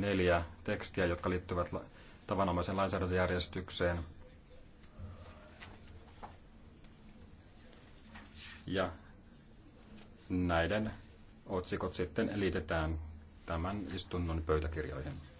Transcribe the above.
neljä tekstiä, jotka liittyvät tavanomaiseen lainsäädäntöjärjestykseen. Ja näiden otsikot sitten liitetään tämän istunnon pöytäkirjoihin.